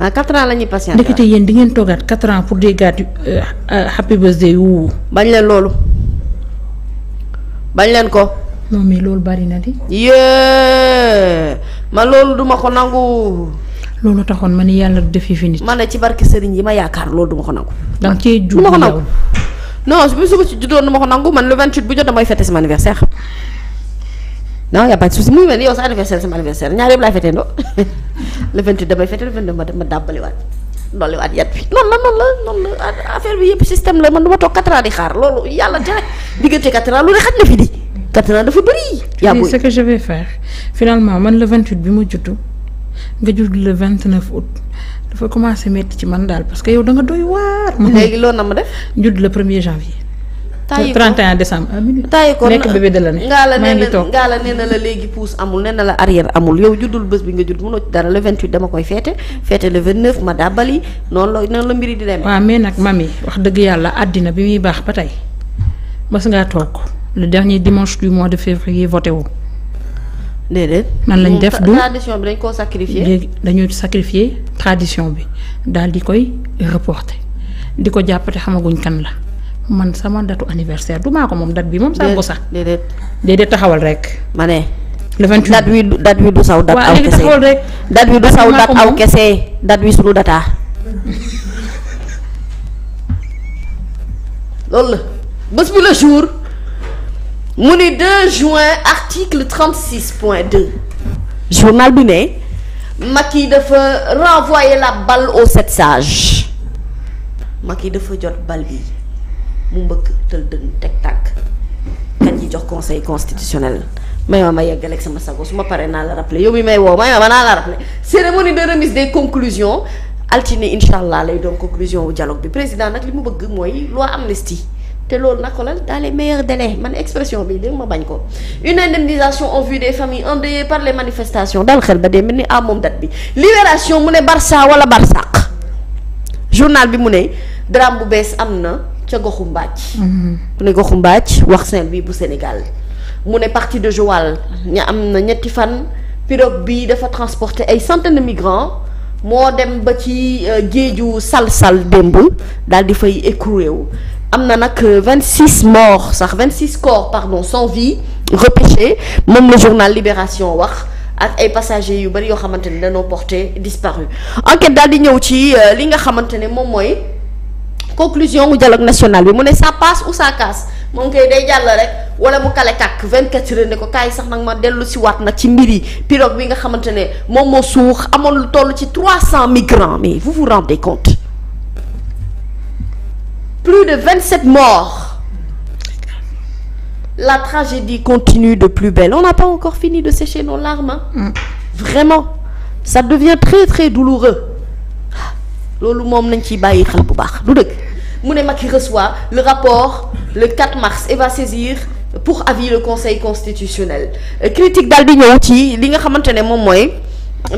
ah 4 ans la ñuy patient ndekete yéen di ngeen toogaat 4 ans pour déggaat euh, euh, happy birthday yu bañ leen loolu bañ leen ko. non mais loolu bari na di. yee ma loolu duma ko nangu. loolu taxoon ma ni yàlla du def fi nit. man ne ci barke sëriñ yi ma yaakaar loolu duma ko nangu. donc cee jur du ma ko nangu. non man le 28 bu jot damay fête sama anniversaire. non y' a pas de souci muy mel ni yow sa anniversaire sama anniversaire ñaar yëpp laay fëtee ndoo le 28 damay fëte le ma ma dàbbaliwaat la noonu la bi ma toog 4 ans di xaar loolu yàlla tere diggante 4 dafa bëri. yaa booy ce que je vais faire finalement man le 28 bi ma juddu nga judd le 29 août. dafa commencé métti ci man daal parce que yow da nga doy waar. léegi loolu na ma def. judd le premier janvier. taayi décembre. Ah, taayi nekk bébé de l'année maa ngi toog la léegi pousse amul nee na la arrière amul yow juddul bés bi nga judd mënoo ci dara le 28 dama koy féete féete le 29 ma dàbbali noonu la noonu la mbiri di demee. waaw mais nag mami wax dëgg yàlla àddina bi muy baax ba tey mas ngaa lu le dernier dimanche du mois de février voté wu. déedéet nan lañ def du tradition bi dañ koo sacrifier léegi dañu sacrifier tradition bi daal di koy reporter di ko jàppate xamaguñ kan la. man sama datu anniversaire du maa ko moom date bi moom sax bu sax. déedéet déedéet taxawal rek. ma ne. le 28 date wi du date wi du saw. date aw kese waaw rek. date wi du saw date aw kese date wi sunu dataa. loolu la bés bi le jour mu ni 2 juin article 36 point 2 journal bi ne Macky dafa renvoyer la balle aux sept sages Macky dafa jot balle bi. mu mbëkk tël dënn teg tànk kan yi jox conseil constitutionnel may ma ma yeggaleeg sama sago su ma paree naa la rappelé yow mi may woo may ma ma naa la rappelé cérémonie de remise des conclusions altine incha allah lay doon conclusion wu dialogue bi président nag li mu bëgg mooy loi amnistie te loolu nag ko dans les meilleurs délais man expression bi dégg ma bañ ko une indemnisation en vue des familles endeuillées par les manifestations dal xel ba dee mel ni ah moom date bi libération mu ne Barça wala Barsaq journal bi mu ne drame bu bees am na. ca goxu Mbàcc mhm. mu ne goxu Mbàcc wax Saint-Louis bu Sénégal mu ne parti de Joal ña am na ñetti fan pirogue bi dafa transporter ay centaines de migrants moo dem ba ci euh, géeju Salsal démb daal di fay écroué wu am na nag euh, vingt six morts sax vingt six corps pardon sans vie repêchés moom le journal Libération wax ak ay passagers yu bari yoo xamante danoo dañoo porté disparu enquête daal di ñëw ci euh, li nga xamante ne moom mooy conclusion wu dialogue national bi mu ne ça passe ou ça casse moom kay day jàll rek wala mu kale kàkk 24 heures ne ko kaay sax nag ma dellu si waat nag ci mbir yi pirogue bi nga xamante ne moom moo suux amoon lu toll ci 300 migrants mais vous vous rendez compte plus de 27 morts la tragédie continue de plus belle on n'a pas encore fini de sécher nos larmes hein? Mm. vraiment ça devient très très douloureux loolu moom nañ ciy bàyyi xel bu baax du dëgg mu ne i reçoit le rapport le 4 mars et va saisir pour avis le conseil constitutionnel critique daal di ñëw ci li nga xamante ne moom mooy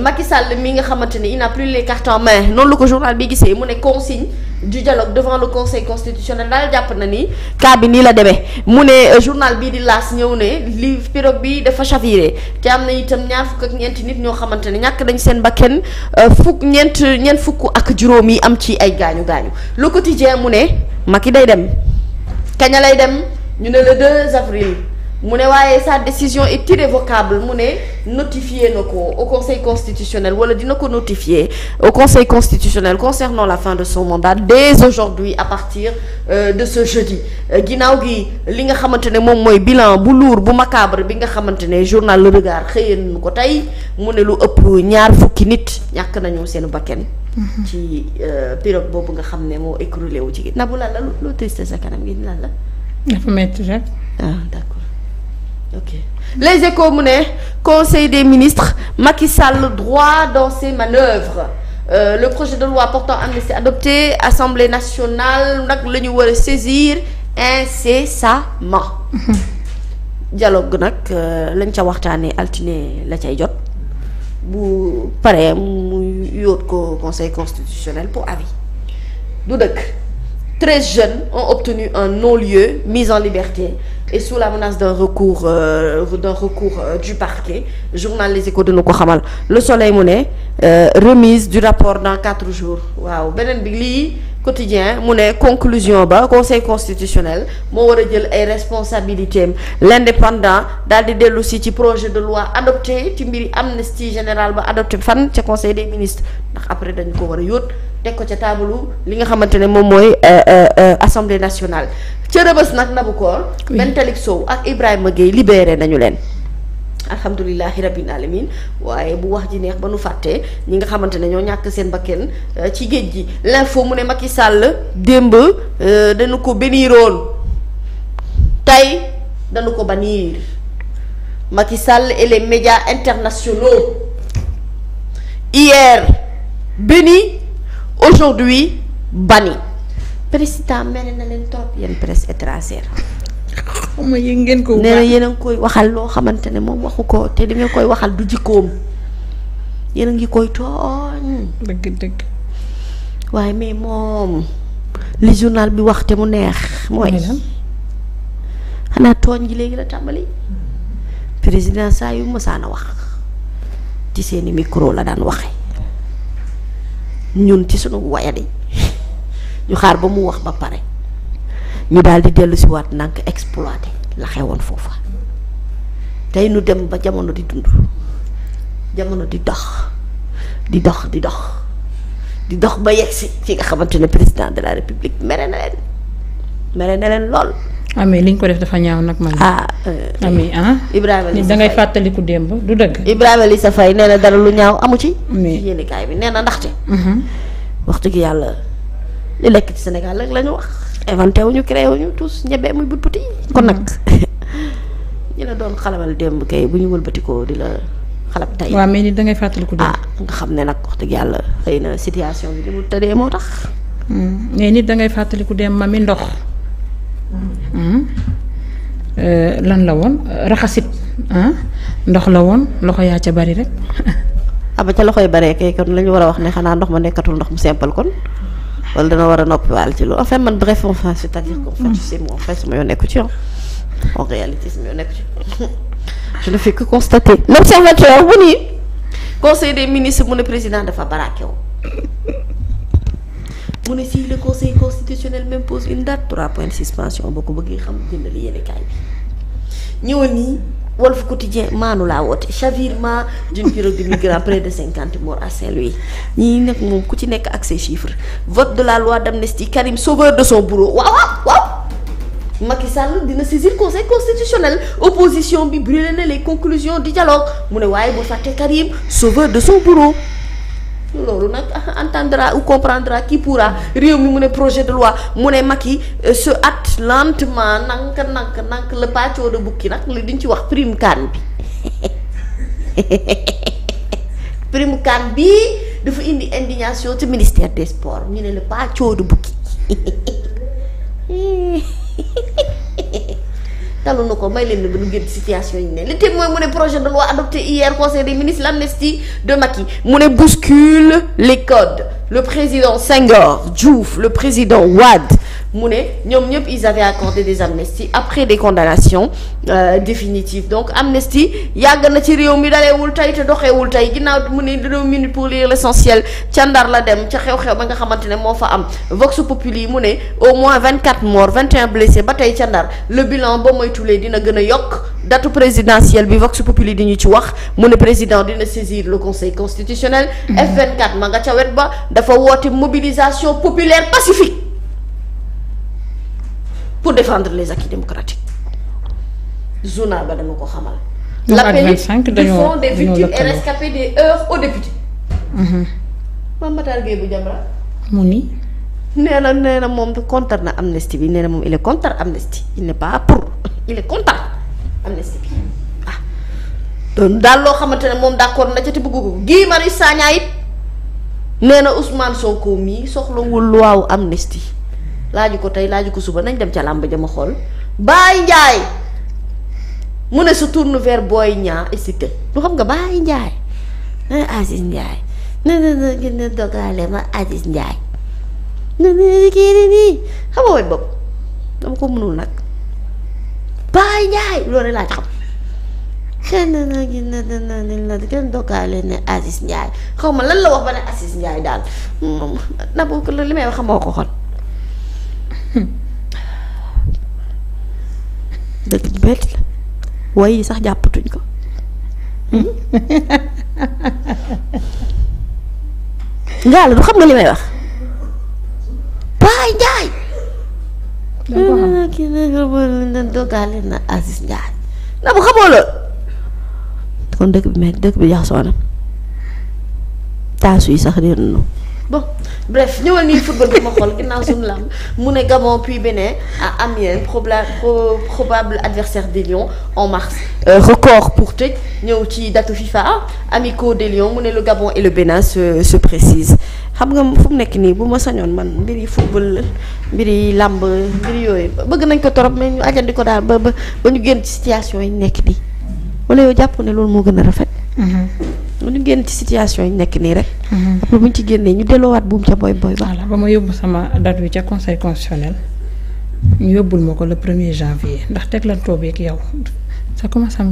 Macky Sall mi nga xamante ne il n'a plus les cartes en noonu la ko journal bi gisee mu ne consigne du dialogue devant le conseil constitutionnel daal jàpp na ni cas bi nii la demee mu ne euh, journal bii di laas ñëw ne li pirogue bi dafa chavier te am na itam ñaar fukk ak ñeenti nit ñoo xamante ne ñàkk dañ seen kenn euh, fukk ñeent ñeent fukk ak juróom yi am ci ay gaañu gaañu lu le quotidien mu ne yi day dem kaña lay dem ñu ne le 2 avril mu ne waaye sa décision est irrévocable mu ne notifié na ko au conseil constitutionnel wala dina ko notifier au conseil constitutionnel concernant la fin de son mandat dès aujourd'hui à partir euh, de ce jeudi euh, ginnaaw gi li nga xamante ne moom mooy bilan bu lourd bu macabre bi nga xamante ne journal Le Regard xëyeen nu ko tey mu ne lu ëpp ñaar fukki nit ñàkk nañu seen bakken mm-hmm. ci euh, pirogue boobu nga xam ne moo écroulé wu ci Nabou lan la lu triste sa kanam gi lan la dafa metti rek ah d'accord ok les mu ne conseil des ministre Macky Sall droit dans ses manœuvres euh, le projet de loi portant amnistie adopté assemblée nationale nag la ñu war a saisir incessamment. dialogue nag euh, lañ ca waxtaanee altine la cay jot bu paree mu yoot ko conseil constitutionnel pour avis du dëkk treize jeunes ont obtenu un non-lieu mise en liberté. et sous la menace d'un recours euh, d'un recours euh, du parquet journal Les Échos dina ko xamal le soleil mu ne euh, remise du rapport dans quatre jours waaw beneen bi lii quotidien mu ne conclusion ba conseil constitutionnel moo war a jël ay responsabilités am l'indépendant daal di dellu si ci projet de loi adopté ci mbiri amnistie général ba adopté fan ca conseil des ministres ndax après dañu ko war a yoot teg ko ca taabalu li nga xamante ne moom mooy euh, euh, assemblée nationale ca rëbës nag nabu koor Ben Talib Sow ak Ibrahima géey libéré nañu leen alhamdulilahi rabbil alamin waaye bu wax ji neex ba nu fàttee ñi nga xamante ne ñoo ñàkk seen bakken euh, ci géej gi l'info mu ne Macky démb euh, dañu ko beniiroon ko baniir Macky Sall et les médias internationaux hier béni aujourd'hui banni président mere na leen trop yéen presse étrangère. xaw ma ngeen ko. nee yéen a ngi koy waxal loo xamante ne moom waxu ko te li ngeen koy waxal du jikkoom yéen a ngi koy tooñ. dëgg dëgg. waaye mais moom li journal bi wax te mu neex. mooy xanaa tooñ gi léegi la tàmbali. président saa yu mësaan a wax ci seeni micro la daan waxe ñun ci sunu wayadi. ñu xaar ba mu wax ba pare ñu daal di dellu si waat ndànk exploité la xewoon foofa tey nu dem ba jamono di dund jamono di dox di dox di dox di dox ba yegsi fi nga xamante ne président de la république mere na leen mere na leen lool. amee ah, li ñu ko def dafa ñaaw nag man. ah amee ah, euh, ah. Ibrahima da ngay fàttaliku démb du dëgg. Ibrahima li sa fay nee dara lu ñaaw amu ci. mais bi nee na ndaxte. Mhm. wax dëgg yàlla. li lekk ci Sénégal lañu la ñu wax inventé wuñu créé wuñu tous ñebe muy but buti kon nag ñu la doon xalabal démb kay bu ñu wëlbatikoo di la xalab tey waaw mais ni dangay fàttaliku ah nga xam ne nag wax dëgg yàlla xëy na situation bi ni moo tax hmm. mais nit dangay fàttaliku dem mami ndox hmm. euh, lan la woon raxasit ndox la woon loxo yaa ca bari rek aba ah, ca loxoy baree kay kon la ñu war a wax ne xanaa ndox ma nekkatul ndox mu sempal kon wala dana war a noppiwaal ci loolu enfin man bref enfin c'est-à-dire que c'est moi nekku ci yoon en réalité sama yoon nekku ci je ne fais que constater l'observateur bu nii des ministres mu ne président dafa barakew mu ne si le conseil constitutionnel m'impose une date trois points de boo ko bëggee xam jëndal yéene kaay bi ñëwal nii Walf Quotidien maanu laa woote chavirement d'une pirogue de migrants près de cinquante morts à Saint-Louis ñii nag moom ku ci nekk ak ses chiffres vote de la loi d'amnistie Karim sauveur de son bourreau waaw waaw waaw Macky Sall dina saisir conseil constitutionnel opposition bi brûlé na les conclusions du dialogue mu ne waaye boo fàtte Karim sauveur de son bourreau loolu nag ah, entendra ou comprendra qui pourra réew mi mu ne projet de loi mu ne Macky yi euh, hâte lentement nank nank nank le pàccoo de bukki nag li diñ ci wax prime kan bi prime kan bi dafa indi indignation ci ministère des sports ñu ne le pàccoo de bukki dalu na ko may leen nga nu génn situation yi ne le témoin mu ne projet de loi adopté hier conseil des ministres de Macky mu ne bouscule les codes le président Senghor Diouf le président Wade mu ne ñoom ñëpp ils avaient accordé des amnisties après des condamnations euh, définitives donc amnistie yàgg na ci réew mi daleewul tey te doxeewul tey ginnaaw mu ne deux minutes pour lire l'essentiel ca Ndar la dem ca xew-xew ba nga xamante ne moo fa am Vox Populi yi mu ne au moins vingt quatre morts vingt et un blessés ba tey ca Ndar le bilan ba moytulee dina gën a yokk date présidentielle bi Vox Populi di ñu ci wax mu ne président dina saisir le conseil constitutionnel mm-hmm. F24 ma nga ca wet ba dafa woote mobilisation populaire pacifique pour défendre les acquis démocratiques journal ba dañu ko xamal. l'appel du fonds des victimes et rescapés des heures aux mhm. bu Jamra. mu ni. nee na nee na moom na amnistie bi nee moom il est contre amnistie il n'est pas pour il est contre amnistie bi ah. daal loo xamante ne moom d'accord na ca te bëggu ko Guy Marius Sagna it nee na Ousmane Sonko mii soxlawul loi amnistie. laaju ko tey laaju ko suba nañ dem ca làmb ja ma xool Baye Ndiaye mu ne su tourne vers Boy Niang et lu xam nga Baye Ndiaye na eh, Aziz Ndiaye na na na gën a dogale ma ko mënul nag Baye Ndiaye loolu laaj xam xëy na na gën na na na gën dogale ne Aziz Ndiaye xaw ma lan la wax ba ne Aziz Ndiaye daal moom na li may wax xamoo ko xool dëgg ju metti la way yi sax jàppatuñ ko hmm? ngaal du xam nga li may wax baay njaay ah, kii nag na Aziz Ndiaye na bu xamoo loolu kon dëkk bi metti dëkk bi jaxasoo na taasu yi sax réer nañu bon bref ñëwal nii football bi ma xool ginnaaw suñu lamb mu ne Gabon puis Bénin à Amiens probable probable adversaire des Lions en mars. Euh, record pour tëj ñëw ci datu FIFA amicaux des Lions mu ne lu Gabon et le Bénin se se xam nga fu mu nekk nii bu ma sañoon man mbiri football mbiri làmb mbiri yooyu bëgg nañ ko torop mais ñu ajandi ko daal ba ba ba ñu génn ci situation yi nekk nii wala yow jàpp ne loolu moo gën a rafet. Mm-hmm. ñu génn ci situation yi nekk nii rek. Mhm. après bu ñu ci génnee ñu delloowaat buum ca boy boy ba. ba ma yóbbu sama dat wi ca conseil constitutionnel ñu yóbbul ma ko la premier janvier ndax teg la toog yeeg yow ça commence à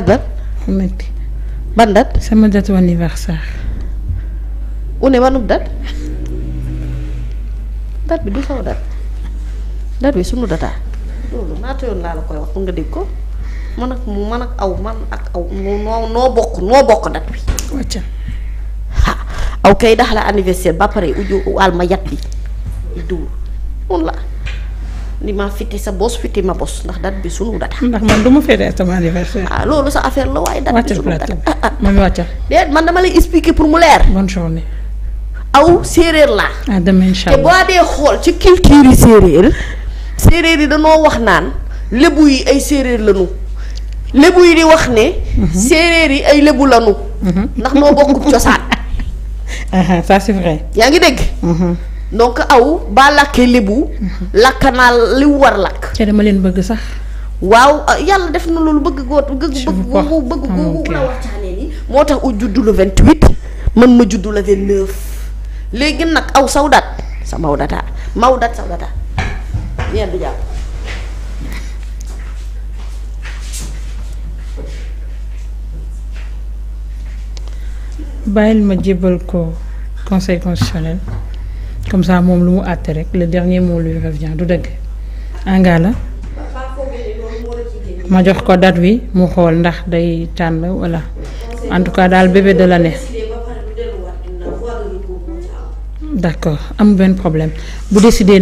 ba. mu sama date anniversaire. u bi du saw date. date bi sunu dataa. loolu naata yoon laa la koy wax pour nga dégg ko. man ak man ak aw man ak aw noo noo bokk noo bokk dat bi aw kay dax la anniversaire ba pare uju waal ma yat bi li ma fiti sa bos fiti ma bos ndax dat bi sunu data ndax man du ma fete sama anniversaire ah, loolu sa affaire la waaye dat bi sunu data ah, ah, man dama lay expliquer pour mu leer bonne aw séeréer laa te boo dee xool ci culture yi séeréer séeréer yi danoo wax naan lébu yi ay séeréer lañu lébu yi di wax ne. Mhm. séeréer yi ay lébu lanu. Mhm. ndax noo bokkub cosaan. ça c'est vrai. yaa ngi dégg. Mhm. donc aw baa làkkee lébu. làkk naa li war làkk. te dama leen bëgg sax. waaw ah, yàlla def na loolu bëgg góor bëgg googu bëgg googu la waxtaanee moo tax u juddu le vingt huit man ma juddu la vingt neuf léegi nag aw sawdat sa mawdata mawdat sawdata ñeen du jàpp bàyyil ma jébbal ko conseil constitutionnel comme ça moom lu mu àttee rek le dernier mot lui revient du dëgg anga la ma jox ko date wi mu xool ndax day tànn walla en tout cas daal bébé de l'année d'accord am benn problème bu décidé